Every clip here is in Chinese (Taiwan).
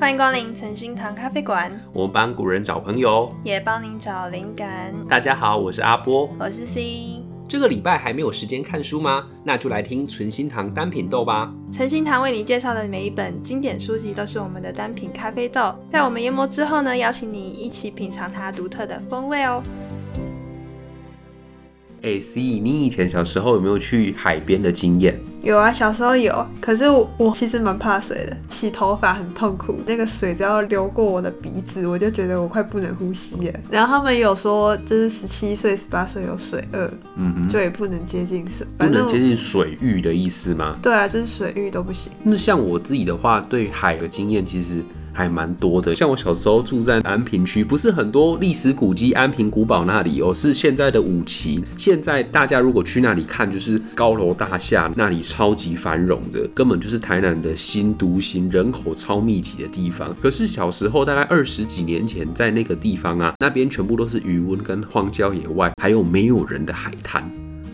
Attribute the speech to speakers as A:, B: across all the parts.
A: 歡迎光臨存心堂咖啡館。
B: 我們幫古人找朋友，
A: 也幫您找靈感。
B: 大家好，我是阿波，我是 C。這個禮拜還沒有時間看書嗎？那就來聽存心堂單品豆吧。
A: 存心堂為你介紹的每一本經典書籍，都是我們的單品咖啡豆，在我們研磨之後呢，邀請你一起品嚐它獨特的風味哦。
B: 欸，C，你以前小時候有沒有去海邊的經驗？
A: 有啊，小時候有，可是我，我其實蠻怕水的，洗頭髮很痛苦，那個水只要流過我的鼻子，我就覺得我快不能呼吸了。然後他們有說，就是十七歲、十八歲有水厄，嗯哼，就也不能接近水，不能接近
B: 水域的意思嗎？
A: 對啊，就是水域都不行。
B: 那像我自己的話，對海的經驗其實還蠻多的，像我小時候住在安平區，不是很多歷史古蹟，安平古堡那裡哦，是現在的五期。現在大家如果去那裡看，就是高樓大廈，那裡超級繁榮的，根本就是台南的新都心，人口超密集的地方。可是小時候，大概二十幾年前，在那個地方啊，那邊全部都是魚塭跟荒郊野外，還有沒有人的海灘。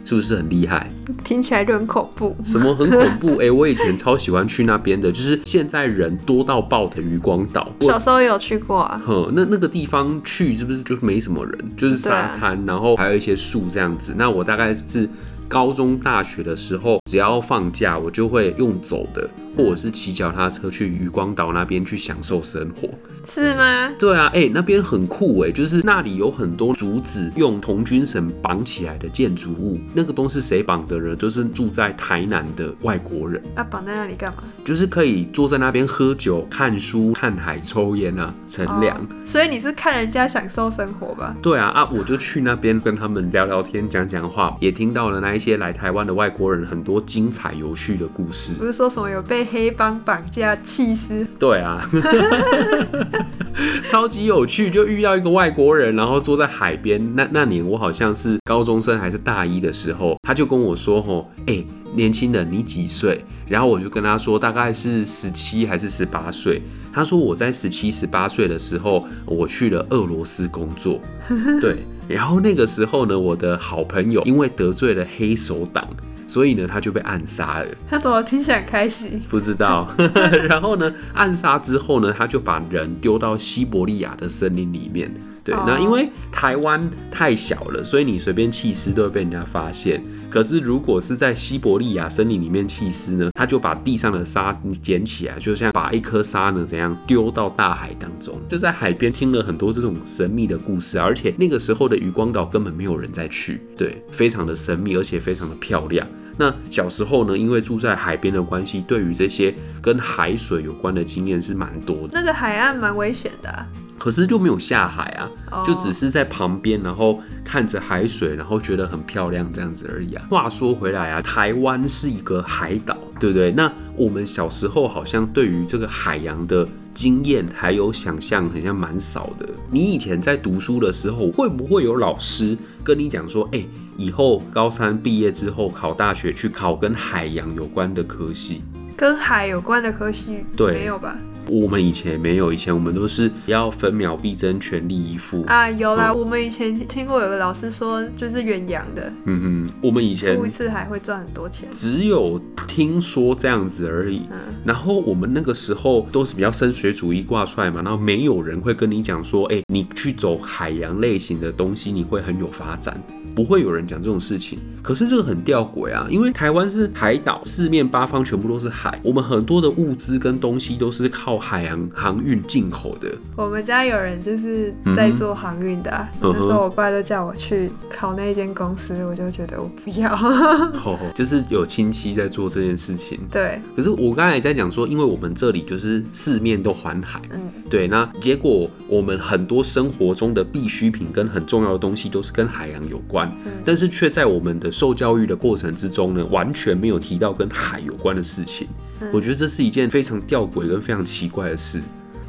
B: 是不是很厲害？
A: 聽起來就很恐怖。什麼很恐
B: 怖？哎、欸，我以前超喜歡去那邊的， 就是現在人多到爆的漁光島。小
A: 時候也有去過
B: 啊。那那個地方去是不是就沒什麼人？就是沙灘，然後還有一些樹這樣子。啊、那我大概是。高中、大學的時候，只要放假，我就會用走的，或者是騎腳踏車去漁光島那邊去享受生活，是嗎？對啊，哎、欸，那邊很酷哎、欸，就是那裡有很多竹子用童軍繩綁起來的建築物，那個東西誰綁的人？人就是住在台南的外國人。
A: 啊，綁在那裡幹嘛？
B: 就是可以坐在那邊喝酒、看書、看海、抽菸啊，乘涼、
A: 哦。所以你是看人家享受生活吧？
B: 對啊，啊，我就去那邊跟他們聊聊天、講講話，也聽到了那。一些來台灣的外國人很多精彩有趣的故事，不
A: 是說什麼有被黑幫綁架氣死？
B: 對啊， 超級有趣。就遇到一個外國人，然後坐在海邊。那那年我好像是高中生還是大一的時候，他就跟我說：“吼，哎，年輕人，你幾歲？”然後我就跟他說：“大概是十七還是十八歲。”他說：“我在十七十八歲的時候，我去了俄羅斯工作。” 對。然後那個時候呢，我的好朋友因為得罪了黑手黨，所以呢，他就被暗殺了。
A: 他怎麼聽起來開心？
B: 不知道。 然後呢，暗殺之後呢，他就把人丟到西伯利亞的森林裡面。對，哦、那因為台灣太小了，所以你隨便棄屍都會被人家發現。可是，如果是在西伯利亞森林裡面棄屍呢，他就把地上的沙撿起來，就像把一顆沙呢怎樣丟到大海當中。就在海邊聽了很多這種神祕的故事，而且那個時候的漁光島根本沒有人在去，對，非常的神祕，而且非常的漂亮。那小時候呢，因為住在海邊的關係，對於這些跟海水有關的經驗是蠻多的。那
A: 個海岸蠻危險的啊。
B: 可是就沒有下海啊，oh. 就只是在旁邊，然後看着海水，然後覺得很漂亮這樣子而已啊。話說回來啊，台灣是一個海島，對不對？那我們小時候好像對於這個海洋的經驗還有想象，好像蠻少的。你以前在讀書的時候，會不會有老師跟你講說，哎、欸，以後高三畢業之後考大學去考跟海洋有關的科系，
A: 跟海有關的科系，對，沒有吧？
B: 我們以前沒有，以前我們都是要分秒必爭，全力以赴啊！
A: 有啦，嗯、我們以前聽過有個老師說，就是遠洋的，
B: 嗯嗯，我們以前輸一
A: 次海會賺很多錢，只
B: 有聽說這樣子而已。啊、然後我們那個時候都是比較深水主義掛帥嘛，然後沒有人會跟你講說，哎、欸，你去走海洋類型的東西，你會很有發展，不會有人講這種事情。可是這個很吊詭啊，因為台灣是海島，四面八方全部都是海，我們很多的物資跟東西都是靠海洋航運進口的，
A: 我們家有人就是在做航運的、啊。嗯、哼那時候我爸就叫我去考那一間公司，我就覺得我不要。 oh,
B: 就是有親戚在做這件事情。對。可是我剛才也在講說，因為我們這裡就是四面都環海，嗯、對。那結果我們很多生活中的必需品跟很重要的東西都是跟海洋有關，嗯、但是卻在我們的受教育的過程之中呢，完全沒有提到跟海有關的事情。嗯，我覺得這是一件非常吊詭跟非常奇怪的事。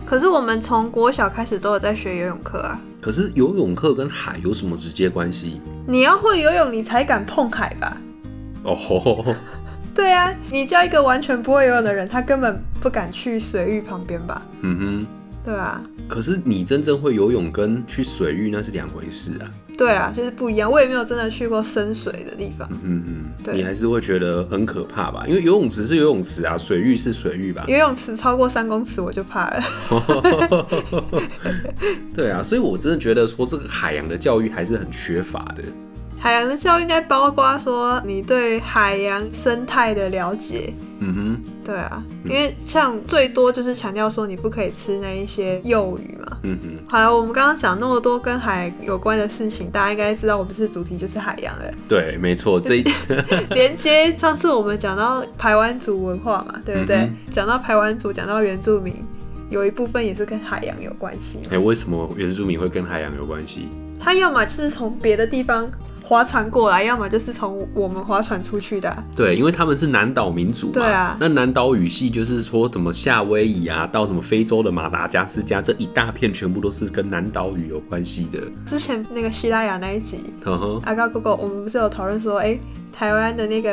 A: 可是我們從國小開始都有在學游泳課啊。
B: 可是游泳課跟海有什麼直接關係？
A: 你要會游泳，你才敢碰海吧？
B: 哦，oh.
A: 對啊，你叫一個完全不會游泳的人，他根本不敢去水域旁邊吧？嗯
B: 哼，對啊。可是你真正會游泳跟去水域那是兩回事啊。
A: 對啊，就是不一樣。我也沒有真的去過深水的地方。嗯嗯，對，你還
B: 是會覺得很可怕吧？因為游泳池是游泳池啊，水域是水域吧。
A: 游泳池超過三公尺我就怕了。
B: 對啊，所以我真的覺得說這個海洋的教育還是很缺乏的。
A: 海洋的教育應該包括說你對海洋生態的了解。嗯
B: 哼，
A: 對啊，嗯、因為像最多就是強調說你不可以吃那一些幼魚
B: 嘛。嗯哼，
A: 好了，我們剛剛講那麼多跟海有關的事情，大家應該知道我們是主題就是海洋哎。
B: 對，沒錯，這一
A: 連接上次我們講到排灣族文化嘛，對不對？講、嗯、哼到排灣族，講到原住民，有一部分也是跟海洋有關係。
B: 哎、欸，為什麼原住民會跟海洋有關係？
A: 他要麼就是從別的地方划船過來，要麼就是從我們划船出去的、啊。
B: 對，因為他們是南島民族嘛。對啊，那南島語系就是說，什麼夏威夷啊，到什麼非洲的馬達加斯加，這一大片全部都是跟南島語有關係的。
A: 之前那個西拉雅那一集，uh huh、阿高哥哥，我們不是有討論說，欸、台灣的那個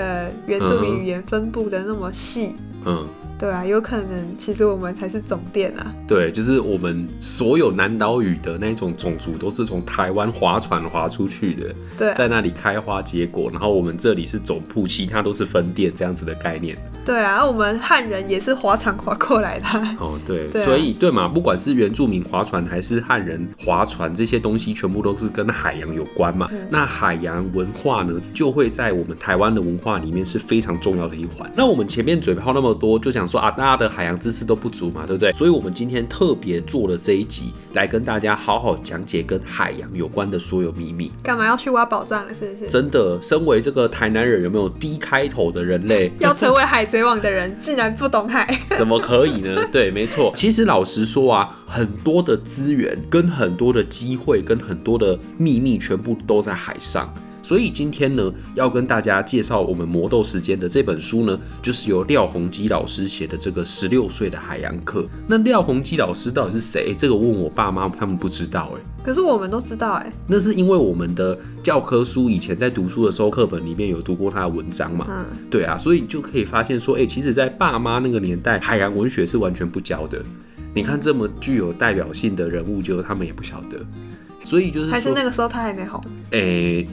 A: 原住民語言分布的那麼細。嗯、uh。Huh 對啊，有可能其實我們才是總店啊。
B: 對，就是我們所有南島語的那種種族都是從台灣划船划出去的。對，在那裡開花結果，然後我們這裡是總部，其他都是分店這樣子的概念。
A: 對啊，我們漢人也是划船划過來的。哦，
B: 對，對啊、所以對嘛，不管是原住民划船還是漢人划船，這些東西全部都是跟海洋有關嘛。嗯、那海洋文化呢，就會在我們台灣的文化裡面是非常重要的一環。那我們前面嘴炮那麼多，就想說。啊，大家的海洋知識都不足嘛，對不對？所以，我們今天特別做了這一集，來跟大家好好講解跟海洋有關的所有秘密。
A: 幹嘛要去挖寶藏？是不是？
B: 真的，身為這個台南人，有沒有 D 開頭的人類， 要成為
A: 海賊王的人， 竟然不懂海，
B: 怎麼可以呢？對，沒錯。其實老實說啊，很多的資源、跟很多的機會、跟很多的秘密，全部都在海上。所以今天呢，要跟大家介紹我們《魔鬥時間》的這本書呢，就是由廖鴻基老師寫的這個十六歲的海洋課。那廖鴻基老師到底是誰？欸？這個問我爸媽，他們不知道哎、
A: 欸。可是我們都知道哎、欸。
B: 那是因為我們的教科書以前在讀書的時候，課本裡面有讀過他的文章嘛。嗯。對啊，所以就可以發現說，哎、欸，其實，在爸媽那個年代，海洋文學是完全不教的。你看這麼具有代表性的人物就，就他們也不曉得。所以就
A: 是說
B: 還是那個時候他還沒紅。哎、欸，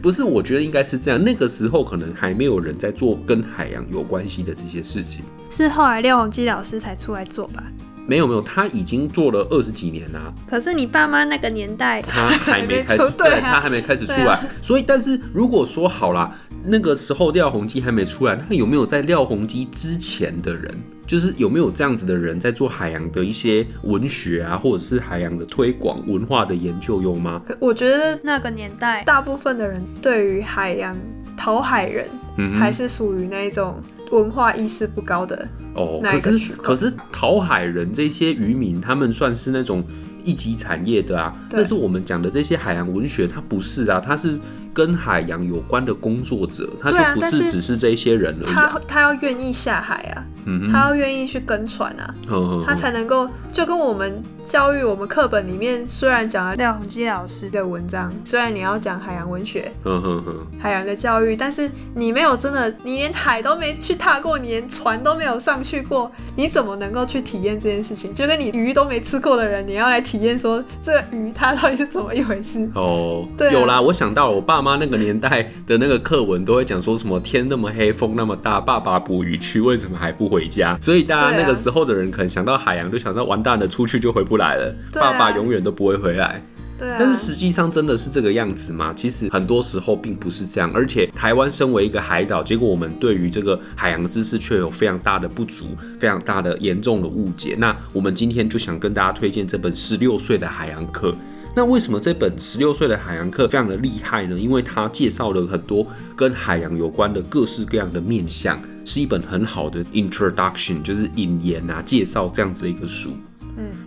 B: 不是，我覺得應該是這樣。那個時候可能還沒有人在做跟海洋有關係的這些事情。
A: 是後來廖鴻基老師才出來做吧？
B: 沒有沒有，他已經做了二十幾年了。
A: 可是你爸媽那個年代他，他還沒開始對，啊、對，他還沒開始出來。
B: 啊、所以，但是如果說好了，那個時候廖鴻基還沒出來，那有沒有在廖鴻基之前的人？就是有沒有這樣子的人在做海洋的一些文學啊，或者是海洋的推廣、文化的研究，有嗎？
A: 我覺得那個年代，大部分的人對於海洋、討海人，嗯嗯還是屬於那一種文化意識不高的那
B: 個區塊。哦，可是可是討海人這些漁民，他們算是那種。一級產業的啊，對但是我們講的這些海洋文學，它不是啊，它是跟海洋有關的工作者，他就不是、啊、是只是這些人而已、啊。他
A: 他要願意下海啊，嗯、哼他要願意去跟船啊，
B: 呵呵他才
A: 能夠就跟我們。教育我們課本裡面雖然講了廖鴻基老師的文章，雖然你要講海洋文學、嗯嗯嗯、海洋的教育，但是你沒有真的，你連海都沒去踏過，你連船都沒有上去過，你怎麼能夠去體驗這件事情？就跟你魚都沒吃過的人，你要來體驗說這個魚它到底是怎麼一回事？
B: 哦，對、啊，有啦，我想到我爸媽那個年代的那個課文，都會講說什麼天那麼黑，風那麼大，爸爸捕魚去，為什麼還不回家？所以大家那個時候的人可能想到海洋，就想到完蛋了，出去就回不來。來了，爸爸永遠都不會回來。
A: 對，但是實
B: 際上真的是這個樣子嗎？其實很多時候並不是這樣。而且台灣身為一個海島，結果我們對於這個海洋知識卻有非常大的不足，非常大的嚴重的誤解。那我們今天就想跟大家推薦這本《十六歲的海洋課》。那為什麼這本《十六歲的海洋課》非常的厲害呢？因為它介紹了很多跟海洋有關的各式各樣的面向，是一本很好的 introduction，就是引言啊，介紹這樣子的一個書。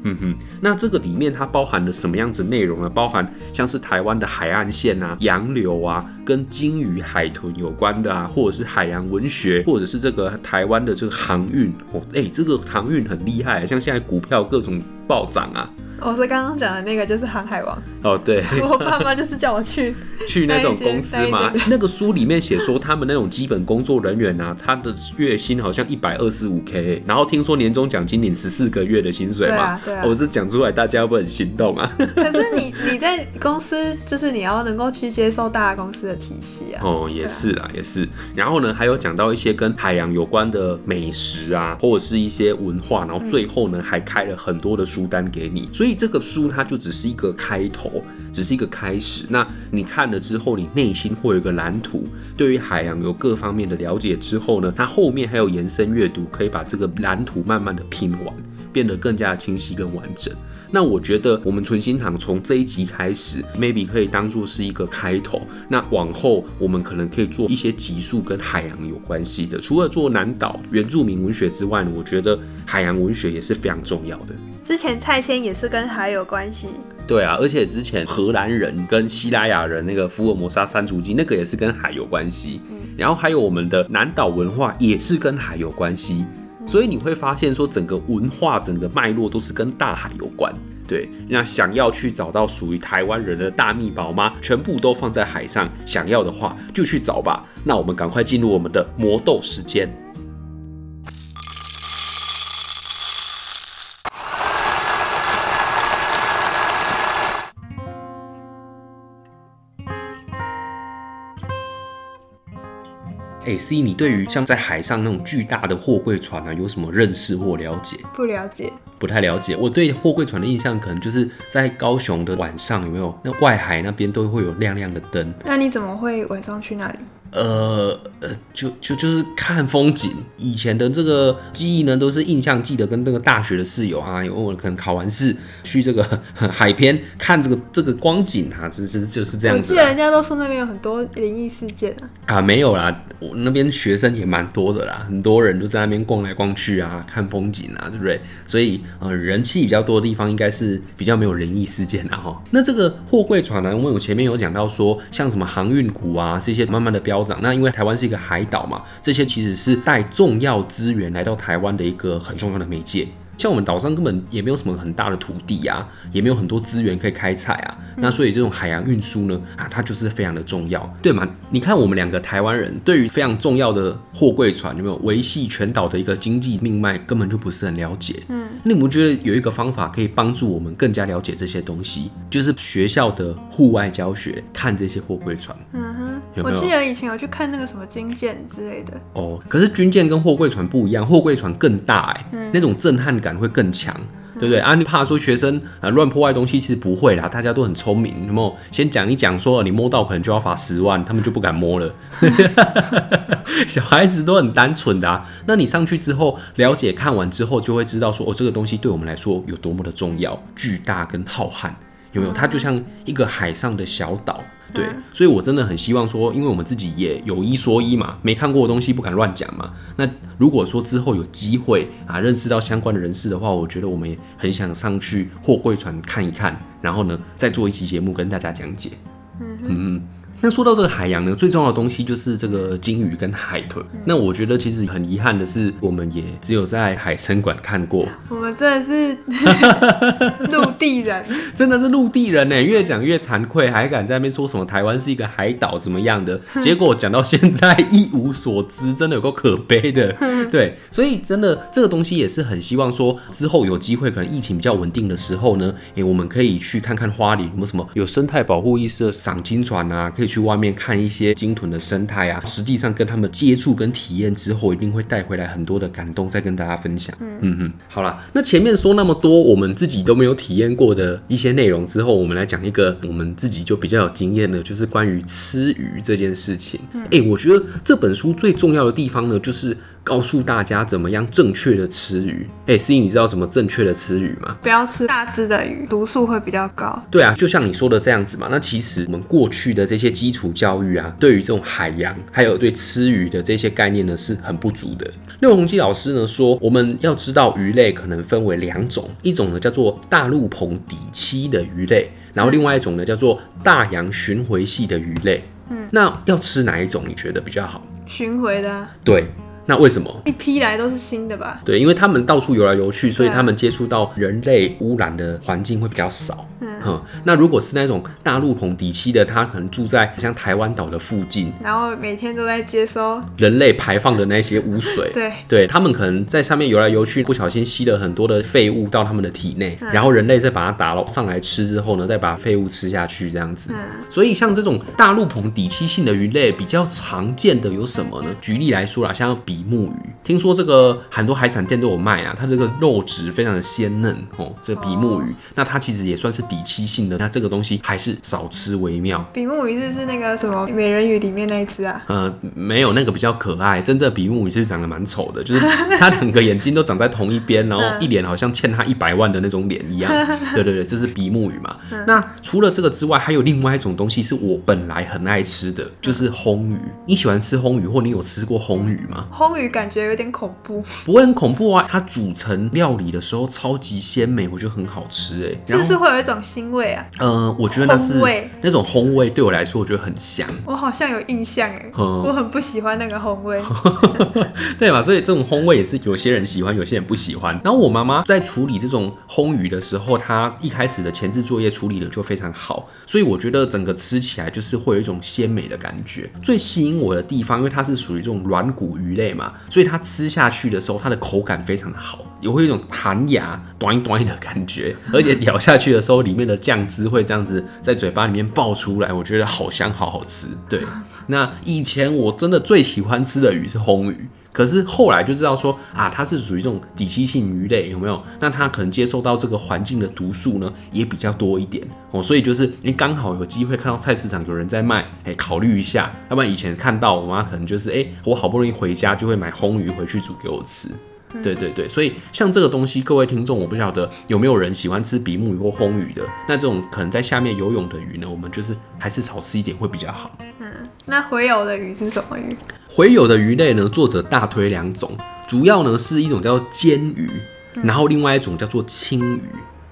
B: 嗯哼，那這個裡面它包含了什麼樣子內容呢？包含像是台灣的海岸線啊、洋流啊、跟鯨魚、海豚有關的啊，或者是海洋文學，或者是這個台灣的這個航運。哦，哎，欸，這個航運很厲害啊，像現在股票各種暴漲啊。
A: 我是剛剛講的那個，就是航海
B: 王哦，oh, 對， 我爸媽
A: 就是叫我去 去那種公司嘛。那，那，
B: 那個書裡面寫說，他們那種基本工作人員啊，他的月薪好像一百二十五 K，然後聽說年終獎金領十四個月的薪水嘛。我、啊啊 oh, 這講出來，大家會，會很心動啊？ 可
A: 是你你在公司，就是你要能夠去接受大公司的體系啊。哦
B: ，oh, 也是啦，啊、也是。然後呢，還有講到一些跟海洋有關的美食啊，或者是一些文化，然後最後呢，嗯、還開了很多的書單給你，所以。所以這個書它就只是一個開頭，只是一個開始。那你看了之後，你內心會有一個藍圖，對於海洋有各方面的了解之後呢，它後面還有延伸閱讀，可以把這個藍圖慢慢的拼完。變得更加清晰、跟完整。那我覺得我們存心堂從這一集開始，maybe 可以當作是一個開頭。那往後我們可能可以做一些集數跟海洋有關係的，除了做南島原住民文學之外呢，我覺得海洋文學也是非常重要的。
A: 之前蔡牽也是跟海有關係。
B: 對啊，而且之前荷蘭人跟西拉雅人那個福爾摩沙三族記，那個也是跟海有關係。嗯、然後還有我們的南島文化也是跟海有關係。所以你會發現，說整個文化、整個脈絡都是跟大海有關。對，那想要去找到屬於台灣人的大秘寶嗎？全部都放在海上，想要的話就去找吧。那我們趕快進入我們的魔豆時間。哎、欸、C，你對於像在海上那種巨大的貨櫃船啊，有什麼認識或了解？
A: 不了解，
B: 不太了解。我對貨櫃船的印象，可能就是在高雄的晚上，有沒有那個、外海那邊都會有亮亮的燈？
A: 那你怎麼會晚上去那裡？
B: 呃呃，就就就是看風景。以前的這個記憶呢，都是印象記得跟那個大學的室友啊，有我可能考完試去這個海邊看這個這個光景啊，其實就是這樣子、啊。我記
A: 得人家都說那邊有很多靈異事件啊
B: 啊，沒有啦，我那邊學生也蠻多的啦，很多人都在那邊逛來逛去啊，看風景啊，對不對？所以呃，人氣比較多的地方應該是比較沒有靈異事件的、啊、哈、喔。那這個貨櫃船呢、啊，因為我前面有講到說，像什麼航運股啊這些慢慢的飆。那因為台灣是一個海島嘛，這些其實是帶重要資源來到台灣的一個很重要的媒介。像我們島上根本也沒有什麼很大的土地啊，也沒有很多資源可以開採啊，嗯、那所以這種海洋運輸呢，啊，它就是非常的重要，對嗎？你看我們兩個台灣人對於非常重要的貨櫃船，有沒有維繫全島的一個經濟命脈，根本就不是很了解。嗯，那你們覺得有一個方法可以幫助我們更加了解這些東西，就是學校的戶外教學，看這些貨櫃船。嗯
A: 哼，有沒有？我記得以前有去看那個什麼軍艦之類的。
B: 哦，可是軍艦跟貨櫃船不一樣，貨櫃船更大哎、欸，嗯、那種震撼感會更強，對不對？啊，你怕說學生啊亂破壞東西，其實不會啦，大家都很聰明，那麼先講一講說，你摸到可能就要罰十萬，他們就不敢摸了。 小孩子都很單純的啊，那你上去之後了解，看完之後，就會知道說，哦，這個東西對我們來說有多麼的重要、巨大跟浩瀚，有沒有？它就像一個海上的小島。對，所以，我真的很希望說，因為我們自己也有一說一嘛，沒看過的東西不敢亂講嘛。那如果說之後有機會啊，認識到相關的人士的話，我覺得我們也很想上去貨櫃船看一看，然後呢，再做一期節目跟大家講解。嗯哼，嗯。那說到這個海洋呢，最重要的東西就是這個鯨魚跟海豚。嗯、那我覺得其實很遺憾的是，我們也只有在海生館看過。
A: 我們真的是陸 地人，
B: 真的是陸地人呢！越講越慚愧，還敢在那邊說什麼台灣是一個海島怎麼樣的？結果講到現在 一無所知，真的有夠可悲的。對，所以真的這個東西也是很希望說，之後有機會可能疫情比較穩定的時候呢，哎、欸，我們可以去看看花蓮有沒有什麼有生態保護意識的賞鯨船啊，去外面看一些鯨豚的生態啊，實際上跟他們接觸跟體驗之後，一定會帶回來很多的感動，再跟大家分享。嗯嗯，好啦，那前面說那麼多我們自己都沒有體驗過的一些內容之後，我們來講一個我們自己就比較有經驗的，就是關於吃魚這件事情、欸。哎，我覺得這本書最重要的地方呢，就是告訴大家怎麼樣正確的吃魚、欸。哎，思穎，你知道怎麼正確的吃魚嗎？
A: 不要吃大隻的魚，毒素會比較高。
B: 對啊，就像你說的這樣子嘛。那其實我們過去的這些，基礎教育啊，對於這種海洋還有對吃魚的這些概念呢，是很不足的。廖鴻基老師呢說，我們要知道魚類可能分為兩種，一種呢叫做大陸棚底棲的魚類，然後另外一種呢叫做大洋巡迴系的魚類。嗯，那要吃哪一種你覺得比較好？
A: 巡迴的啊。
B: 對，那為什麼？
A: 一批來都是新的吧？
B: 對，因為他們到處游來游去，對所以他們接觸到人類污染的環境會比較少。嗯，那如果是那種大陸棚底棲的，它可能住在像台灣島的附近，
A: 然後每天都在接收
B: 人類排放的那些污水。 對對，他們可能在上面游來游去，不小心吸了很多的廢物到他們的體內，嗯、然後人類再把它打撈上來吃之後呢，再把廢物吃下去這樣子。嗯、所以像這種大陸棚底棲性的魚類比較常見的有什麼呢？舉例來說啦，像比目魚，聽說這個很多海產店都有賣啊，它這個肉質非常的鮮嫩哦，這個、比目魚，哦、那它其實也算是底。週期性的，那這個東西還是少吃為妙。
A: 比目魚是是那個什麼美人魚裡面那一隻啊？
B: 呃，沒有，那個比較可愛，真正的比目魚是長得蠻醜的，就是它兩個眼睛都長在同一邊，然後一臉好像欠他一百萬的那種臉一樣。嗯、對對對，這是比目魚嘛。嗯、那除了這個之外，還有另外一種東西是我本來很愛吃的，就是魟魚。你喜歡吃魟魚，或你有吃過魟魚嗎？
A: 魟魚感覺有點恐怖。
B: 不會很恐怖啊，它煮成料理的時候超級鮮美，我覺得很好吃哎、欸。就是，是
A: 會有一種腥
B: 味啊，嗯、呃，我覺得那是那種魟味，對我來說，我覺得很香。
A: 我好像有印象哎，嗯、我很不喜歡那個魟味，
B: 對吧？所以這種魟味也是有些人喜歡，有些人不喜歡。然後我媽媽在處理這種魟魚的時候，她一開始的前置作業處理的就非常好，所以我覺得整個吃起來就是會有一種鮮美的感覺。最吸引我的地方，因為它是屬於這種軟骨魚類嘛，所以它吃下去的時候，它的口感非常的好。也會有一種彈牙、短一短的感覺，而且咬下去的時候，裡面的醬汁會這樣子在嘴巴裡面爆出來，我覺得好香，好好吃。對，那以前我真的最喜歡吃的魚是紅魚，可是後來就知道說啊，它是屬於這種底棲性魚類，有沒有？那它可能接受到這個環境的毒素呢，也比較多一點哦。所以就是，因為剛好有機會看到菜市場有人在賣，哎，考慮一下，要不然以前看到我媽可能就是哎，我好不容易回家就會買紅魚回去煮給我吃。對對對，所以像這個東西，各位聽眾，我不曉得有沒有人喜歡吃比目魚或魟魚的。那這種可能在下面游泳的魚呢，我們就是還是少吃一點會比較好。嗯，
A: 那洄游的魚是什麼魚？
B: 洄游的魚類呢，作者大推兩種，主要呢是一種叫做鰹魚，嗯、然後另外一種叫做鯖魚。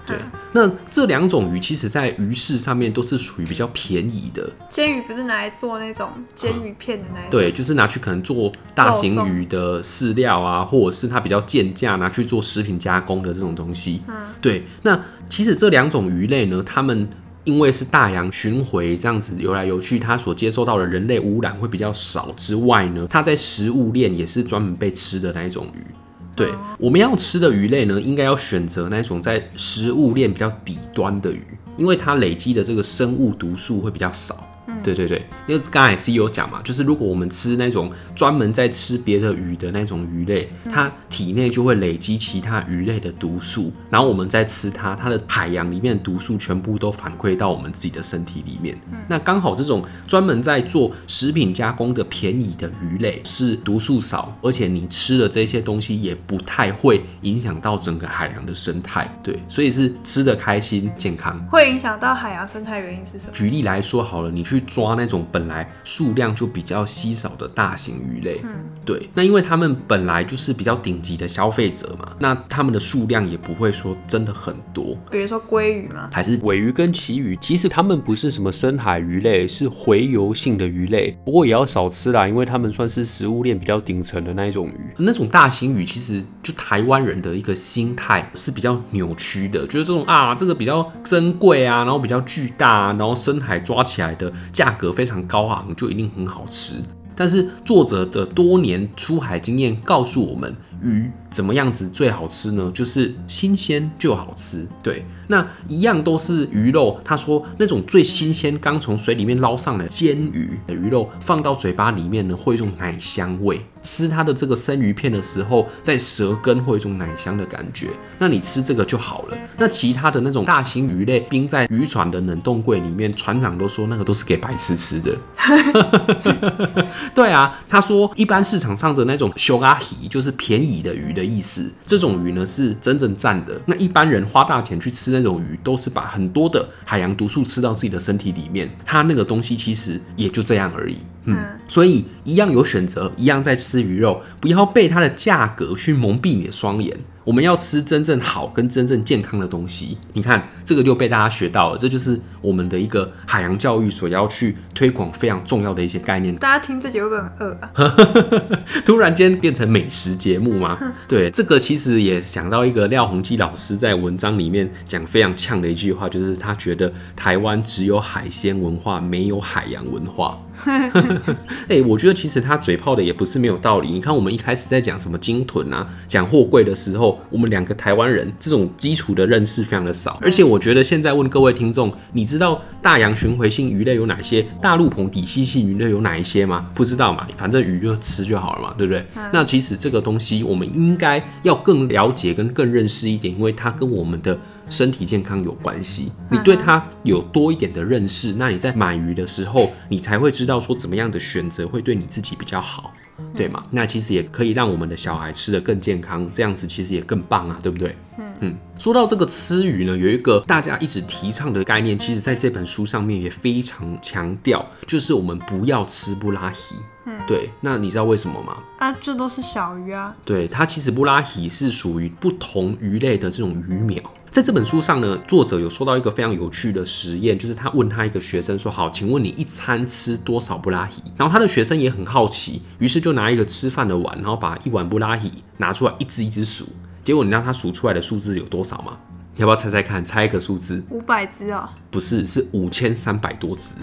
B: 對，那這兩種魚其實，在魚市上面都是屬於比較便宜的。
A: 鰹魚不是拿來做那種鰹魚片的那種？對，
B: 就是拿去可能做大型魚的飼料啊，或者是它比較賤價拿去做食品加工的這種東西。嗯，對。那其實這兩種魚類呢，它們因為是大洋巡回這樣子游來游去，它所接受到的人類汙染會比較少之外呢，它在食物鏈也是專門被吃的那一種魚。對，我們要吃的魚類呢，應該要選擇那一種在食物鏈比較底端的魚，因為它累積的這個生物毒素會比較少。對對對，因為剛才 c e 有講嘛，就是如果我們吃那種專門在吃別的魚的那種魚類，它體內就會累積其他魚類的毒素，然後我們再吃它，它的海洋裡面的毒素全部都反饋到我們自己的身體裡面。嗯、那剛好這種專門在做食品加工的便宜的魚類是毒素少，而且你吃了這些東西也不太會影響到整個海洋的生態。對，所以是吃得開心健康。
A: 會影響到海洋生態原因是什麼？舉
B: 例來說好了，你去。抓那種本來數量就比較稀少的大型魚類，嗯，對，那因為他們本來就是比較頂級的消費者嘛，那他們的數量也不會說真的很多。
A: 比如說鮭魚嗎？
B: 還是鮪魚跟旗魚？其實他們不是什麼深海魚類，是洄游性的魚類，不過也要少吃啦，因為他們算是食物鏈比較頂層的那一種魚。那種大型魚，其實就台灣人的一個心態是比較扭曲的，覺、就、得、是、這種啊，這個比較珍貴啊，然後比較巨大，啊，然後深海抓起來的。價格非常高昂，就一定很好吃。但是作者的多年出海經驗告訴我們，魚，怎麼樣子最好吃呢？就是新鮮就好吃。對，那一樣都是魚肉。他說那種最新鮮，剛從水裡面撈上來煎魚的魚肉，放到嘴巴裡面呢，會有一種奶香味。吃它的這個生魚片的時候，在舌根會有一種奶香的感覺。那你吃這個就好了。那其他的那種大型魚類，冰在漁船的冷凍櫃裡面，船長都說那個都是給白痴吃，吃的。 對啊，他說一般市場上的那種小拉皮就是便宜的魚的。意思，這種魚呢是真正髒的。那一般人花大錢去吃那種魚，都是把很多的海洋毒素吃到自己的身體裡面。它那個東西其實也就這樣而已，嗯。啊。所以一樣有選擇，一樣在吃魚肉，不要被它的價格去蒙蔽你的雙眼。我們要吃真正好跟真正健康的東西。你看，這個就被大家學到了，這就是我們的一個海洋教育所要去推廣非常重要的一些概念。
A: 大家聽這節會不會很餓啊？
B: 突然間變成美食節目嗎？ 對，這個其實也想到一個廖鴻基老師在文章裡面講非常嗆的一句話，就是他覺得台灣只有海鮮文化，沒有海洋文化。哎、 欸，我覺得其實他嘴炮的也不是沒有道理。你看，我們一開始在講什麼鯨豚啊，講貨櫃的時候，我們兩個台灣人這種基礎的認識非常的少。而且，我覺得現在問各位聽眾，你知道大洋巡迴性魚類有哪些，大陸棚底棲性魚類有哪一些嗎？不知道嘛？反正魚就吃就好了嘛，對不對？啊、那其實這個東西我們應該要更了解跟更認識一點，因為它跟我們的。身體健康有關係，你對它有多一點的認識，那你在買魚的時候，你才會知道說怎麼樣的選擇會對你自己比較好，對嗎？那其實也可以讓我們的小孩吃得更健康，這樣子其實也更棒啊，對不對？嗯嗯，說到這個吃魚呢，有一個大家一直提倡的概念，其實在這本書上面也非常強調，就是我們不要吃布拉喜。嗯，對。那你知道為什麼嗎？
A: 啊，這都是小魚啊。
B: 對，它其實布拉喜是屬於不同魚類的這種魚苗。在這本書上呢，作者有說到一個非常有趣的實驗，就是他問他一個學生說：“好，請問你一餐吃多少布拉吉？”然後他的學生也很好奇，於是就拿一個吃飯的碗，然後把一碗布拉吉拿出來，一隻一隻數。結果你知道他數出來的數字有多少嗎？你要不要猜猜看？猜一個數字，
A: 五百只哦？
B: 不是，是五千三百多只。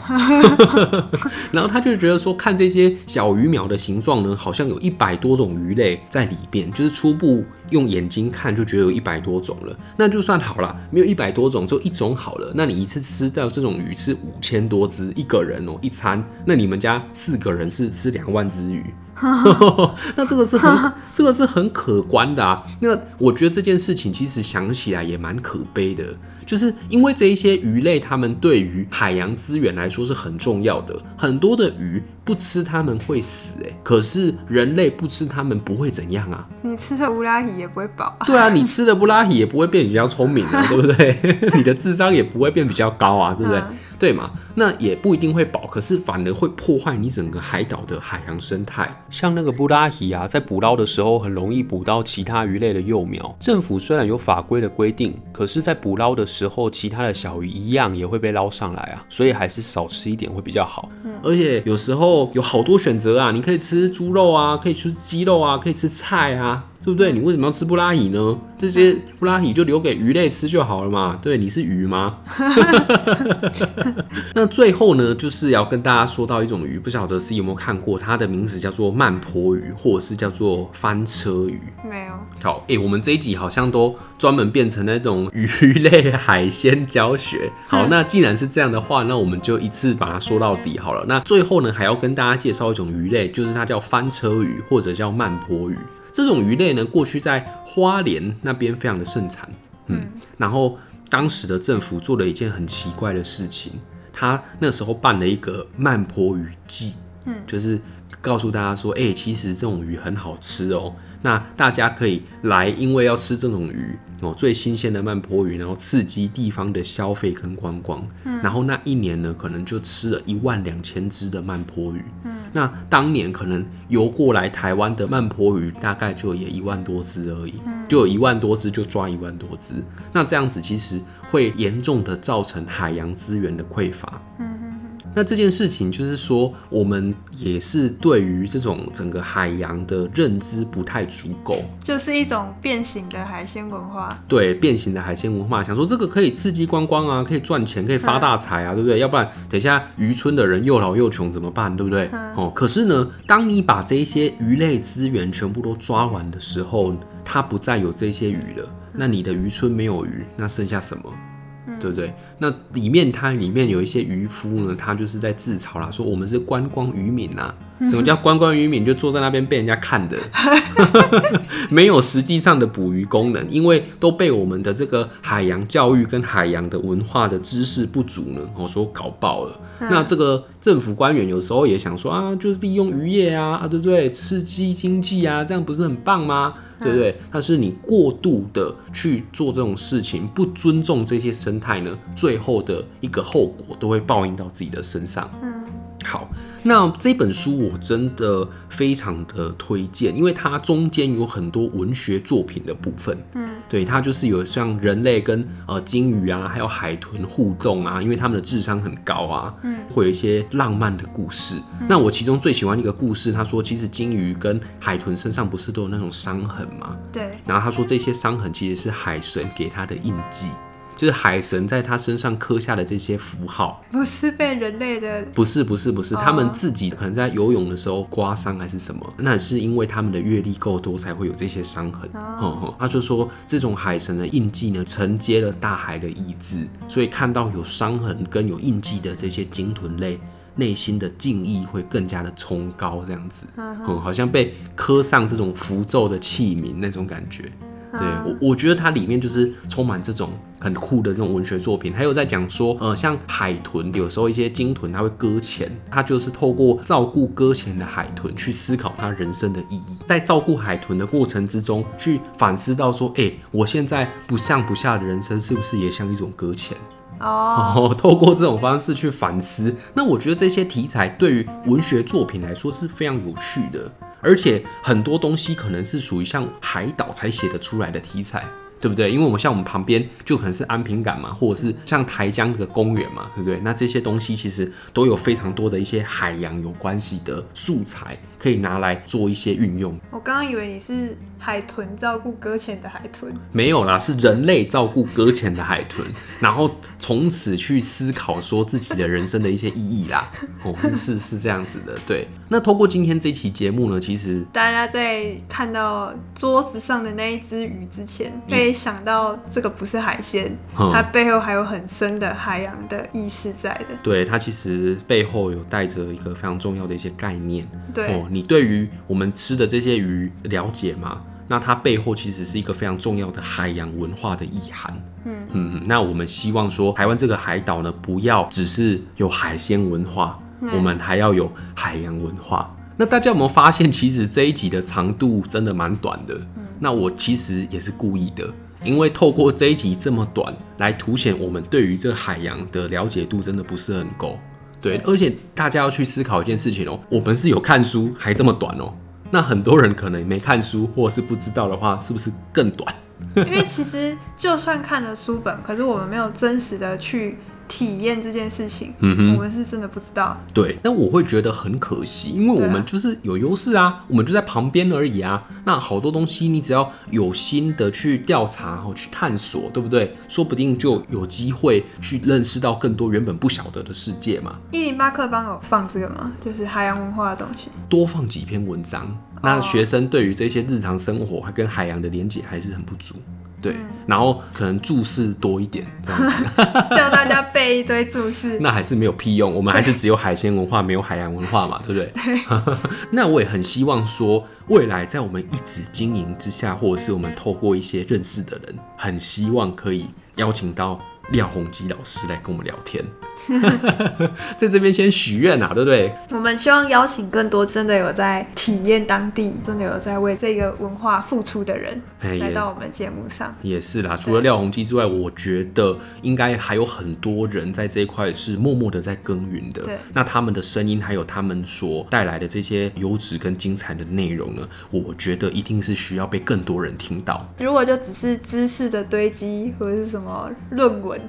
B: 然後他就覺得說，看這些小魚苗的形狀呢，好像有一百多種魚類在裡邊，就是初步用眼睛看就覺得有一百多種了。那就算好了，沒有一百多種就一種好了。那你一次吃到這種魚吃五千多只，一個人哦、喔、一餐，那你們家四個人是吃兩萬只魚。 那這個是很，這個是很可觀的啊。那我覺得這件事情其實想起來也蠻可悲的，就是因為這一些魚類，它們對於海洋資源來說是很重要的，很多的魚。不吃他們會死哎、欸，可是人類不吃他們不會怎樣啊？
A: 你吃的烏拉魚也不會飽、
B: 啊。對啊，你吃的布拉魚也不會變比較聰明啊， 對不對？ 你的智商也不會變比較高啊，對不對？啊、對嘛？那也不一定會飽，可是反而會破壞你整個海島的海洋生態。像那個布拉魚啊，在捕撈的時候很容易捕到其他魚類的幼苗。政府雖然有法規的規定，可是，在捕撈的時候，其他的小魚一樣也會被撈上來啊，所以還是少吃一點會比較好。嗯、而且有時候。有好多選擇啊，你可以吃豬肉啊，可以吃雞肉啊，可以吃菜啊。對不對？你為什麼要吃布拉蟻呢？這些布拉蟻就留給魚類吃就好了嘛。對，你是魚嗎？ 那最後呢，就是要跟大家說到一種魚，不曉得是有沒有看過，它的名字叫做曼波魚，或者是叫做翻車魚。
A: 沒有。
B: 好，哎、欸，我們這一集好像都專門變成那種魚類海鮮教學。好，那既然是這樣的話，那我們就一次把它說到底好了。那最後呢，還要跟大家介紹一種魚類，就是它叫翻車魚，或者叫曼波魚。這種魚類呢，過去在花蓮那邊非常的盛產，嗯，然後當時的政府做了一件很奇怪的事情，他那時候辦了一個曼波魚季，就是告訴大家說，哎，其實這種魚很好吃哦，那大家可以來，因為要吃這種魚。哦，最新鮮的曼波魚，然後刺激地方的消費跟觀光，然後那一年呢，可能就吃了一萬兩千隻的曼波魚。嗯，那當年可能游過來台灣的曼波魚大概就也一萬多隻而已，就有一萬多隻就抓一萬多隻，那這樣子其實會嚴重的造成海洋資源的匱乏。那這件事情就是說，我們也是對於這種整個海洋的認知不太足夠，
A: 就是一種變形的海鮮文
B: 化。對，變形的海鮮文化，想說這個可以刺激觀光啊，可以賺錢，可以發大財啊，嗯、對不對？要不然等一下漁村的人又老又窮怎麼辦，對不對？哦、嗯，可是呢，當你把這一些魚類資源全部都抓完的時候，嗯、它不再有這些魚了。嗯嗯、那你的漁村沒有魚，那剩下什麼？對不對？那裡面它裡面有一些漁夫呢，他就是在自嘲啦，說我們是觀光漁民吶。什麼叫“關關漁民？就坐在那邊被人家看的， 沒有實際上的捕魚功能，因為都被我們的這個海洋教育跟海洋的文化的知識不足呢，我說搞爆了。嗯、那這個政府官員有時候也想說啊，就是利用漁業啊，啊，對不對？刺激經濟啊，這樣不是很棒嗎？對不對？但是你過度的去做這種事情，不尊重這些生態呢，最後的一個後果都會報應到自己的身上。好，那這本書我真的非常的推薦，因為它中間有很多文學作品的部分。嗯，對，它就是有像人類跟呃鯨魚啊，還有海豚互動啊，因為他們的智商很高啊。嗯，會有一些浪漫的故事。嗯。那我其中最喜歡一個故事，他說其實鯨魚跟海豚身上不是都有那種傷痕嗎？對。然後他說這些傷痕其實是海神給他的印記。就是海神在他身上刻下的這些符號，
A: 不是被人類的，
B: 不是不是不是，他們自己可能在游泳的時候刮傷還是什麼，那是因為他們的閱歷夠多才會有這些傷痕。哦，他就說這種海神的印記呢，承接了大海的意志，所以看到有傷痕跟有印記的這些鯨豚類，內心的敬意會更加的崇高，這樣子，嗯，好像被刻上這種符咒的器皿那種感覺。對我，我覺得它裡面就是充滿這種很酷的這種文學作品。還有在講說，呃，像海豚，有時候一些鯨豚它會擱淺，它就是透過照顧擱淺的海豚去思考它人生的意義，在照顧海豚的過程之中去反思到說，哎、欸，我現在不上不下的人生是不是也像一種擱淺？哦，oh. 透過這種方式去反思。那我覺得這些題材對於文學作品來說是非常有趣的。而且很多東西可能是屬於像海島才寫得出來的題材。對不對？因為我們像我們旁邊就可能是安平港嘛，或者是像台江的公園嘛，對不對？那這些東西其實都有非常多的一些海洋有關係的素材，可以拿來做一些運用。
A: 我剛剛以為你是海豚照顧擱淺的海豚，
B: 沒有啦，是人類照顧擱淺的海豚， 然後從此去思考說自己的人生的一些意義啦。哦，是是，是這樣子的，對。那透過今天這期節目呢，其實
A: 大家在看到桌子上的那一隻魚之前，嗯沒想到這個不是海鮮，嗯、它背後還有很深的海洋的意識在的。
B: 對，它其實背後有帶着一個非常重要的一些概念。對、哦，你對於我們吃的這些魚了解嗎？那它背後其實是一個非常重要的海洋文化的意涵。嗯嗯，那我們希望說台灣這個海島呢，不要只是有海鮮文化，嗯、我們還要有海洋文化。那大家有沒有發現，其實這一集的長度真的蠻短的？嗯。那我其實也是故意的，因為透過這一集這麼短，來凸顯我們對於這個海洋的了解度真的不是很夠。對，而且大家要去思考一件事情哦，我們是有看書，還這麼短哦。那很多人可能沒看書，或者是不知道的話，是不是更短？
A: 因為其實就算看了書本，可是我們沒有真實的去。體驗這件事情，嗯哼，我們是真的不知道。
B: 對，那我會覺得很可惜，因為我們就是有優勢啊，啊我們就在旁邊而已啊。那好多東西，你只要有心的去調查、去探索，對不對？說不定就有機會去認識到更多原本不曉得的世界嘛。
A: 一零八課幫我放這個嗎？就是海洋文化的東西。
B: 多放幾篇文章，那學生對於這些日常生活還跟海洋的連接還是很不足。對，然後可能註釋多一點這
A: 樣子， 叫大家背一堆註釋， 那還
B: 是沒有屁用。我們還是只有海鮮文化，沒有海洋文化嘛，對不對？ 那我也很希望說，未來在我們一直經營之下，或者是我們透過一些認識的人，很希望可以邀請到廖鴻基老師來跟我們聊天。 在這邊先許願啊，對不對？
A: 我們希望邀請更多真的有在體驗當地、真的有在為這個文化付出的人來到我們節目上
B: 也。也是啦，除了廖宏基之外，對我覺得應該還有很多人在這一塊是默默的在耕耘的。對，那他們的聲音，還有他們所帶來的這些優質跟精彩的內容呢，我覺得一定是需要被更多人聽到。
A: 如果就只是知識的堆積，或者是什麼論文。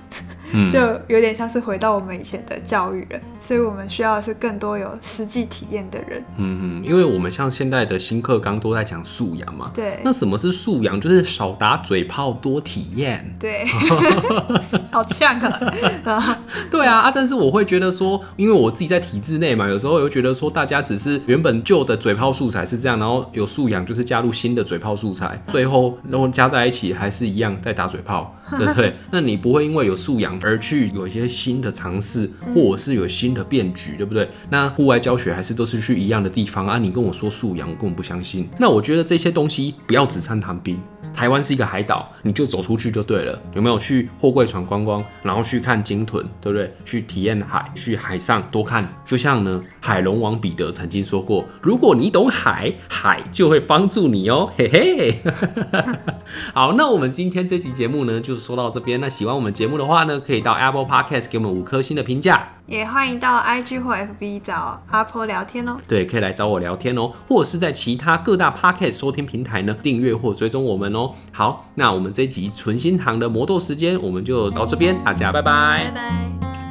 A: 嗯、就有點像是回到我們以前的教育人，所以我們需要的是更多有實際體驗的人。
B: 嗯嗯，因為我們像現在的新課綱都在講素養嘛。對。那什麼是素養？就是少打嘴炮，多體驗。
A: 對。 好嗆嗆了 啊。
B: 對啊啊！但是我會覺得說，因為我自己在體制內嘛，有時候又覺得說，大家只是原本舊的嘴炮素材是這樣，然後有素養就是加入新的嘴炮素材，嗯、最後然後加在一起還是一樣在打嘴炮。對不對？那你不會因為有素養而去有一些新的嘗試，或者是有新的變局，對不對？那戶外教學還是都是去一樣的地方啊？你跟我說素養，我根本不相信。那我覺得這些東西不要紙上談兵。台灣是一個海島，你就走出去就對了，有沒有？去貨櫃船觀光，然後去看鯨豚，對不對？去體驗海，去海上多看。就像呢，海龍王彼得曾經說過：“如果你懂海，海就會幫助你哦。”嘿嘿。 好，那我們今天這集節目呢，就是。說到這邊，那喜歡我們節目的話呢，可以到 Apple Podcast 給我們五顆星的評價，
A: 也歡迎到 IG 或 FB 找阿婆聊天哦。
B: 對，可以來找我聊天哦，或者是在其他各大 Podcast 收聽平台呢，訂閱或追蹤我們哦。好，那我們這一集存心堂的魔豆時間我們就到這邊，哎、呀大家拜拜。拜拜。